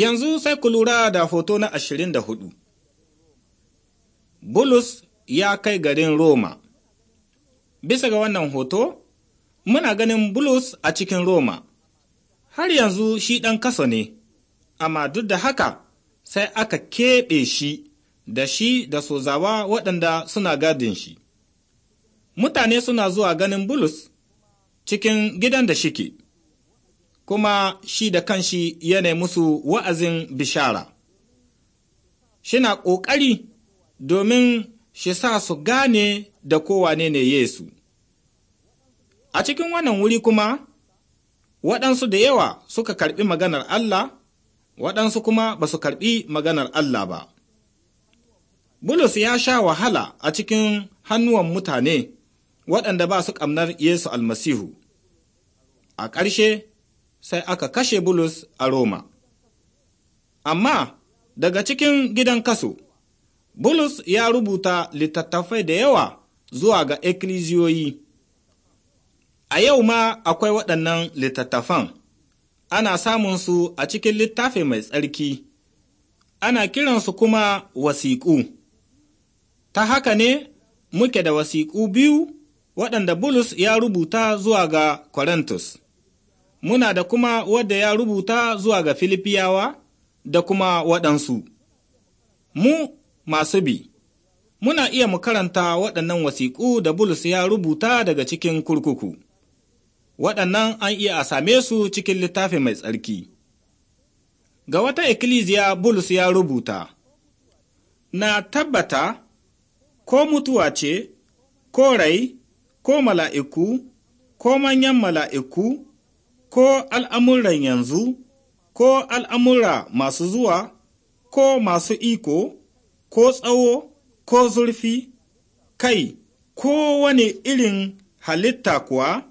Yanzu sai ku lura da hoto na ashirin da hudu. Bulus ya kai garin Roma Bisa ga wannan hoto, muna ganin Bulus a cikin Roma, har yanzu shi ɗan kaso ne, amma duk da haka sai aka keɓe shi da shi da sozawa waɗanda suna gadin shi. Mutane suna zuwa ganin Bulus cikin gidan da shike. kuma shi da kanshi yanayi musu wa'azin bishara. Shina ƙoƙari domin shi sa su gane da kowane ne Yesu. A cikin wannan wuri kuma, waɗansu da yawa suka karɓi maganar Allah, waɗansu kuma ba su karɓi maganar Allah ba. Bulus ya sha wahala a cikin hannuwan mutane waɗanda ba su ƙamnar Yesu almasihu. A ƙarshe, sai aka kashe Bulus a Roma. Amma daga cikin gidan kaso, Bulus ya rubuta littattafai da yawa zuwa ga ekliziyoyi. A yau ma akwai waɗannan littattafan, ana samun su a cikin littafi mai tsarki, ana kiransu kuma wasiƙu. Ta haka ne muke da wasiƙu biyu waɗanda Bulus ya rubuta zuwa ga Corinthus. muna da kuma wadda ya rubuta zuwa ga Filipiyawa da kuma waɗansu. Mu masu bi, muna iya mu karanta waɗannan wasiƙu da Bulus ya rubuta daga cikin kurkuku. Waɗannan an iya a same su cikin littafi mai tsarki. Ga wata ikkilisiya Bulus ya rubuta, Na tabbata, ko mutuwa ce, ko rai, ko mala'iku, ko manyan mala'iku, ko al'amuran yanzu, ko al'amura masu zuwa, ko masu iko, ko tsawo, ko zurfi, kai, ko wani irin halitta kuwa,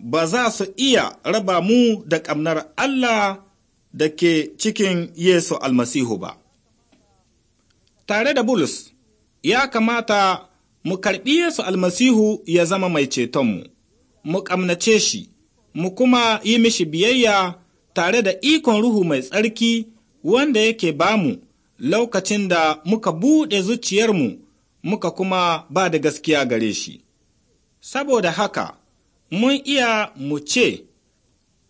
ba za su iya raba mu da ƙamnar Allah da ke cikin Yesu almasihu ba. Tare da Bulus, ya kamata mu karɓi Yesu almasihu ya zama mai cetonmu, mu ƙamnace shi. mu kuma yi mishi biyayya tare da ikon Ruhu mai tsarki wanda yake bamu lokacin da muka buɗe zuciyarmu muka kuma ba da gaskiya gare shi. Saboda haka, mun iya mu ce,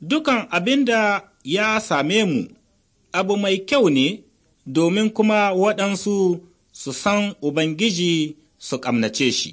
Dukan abin da ya same mu, abu mai kyau ne domin kuma waɗansu su san Ubangiji su ƙamnace shi.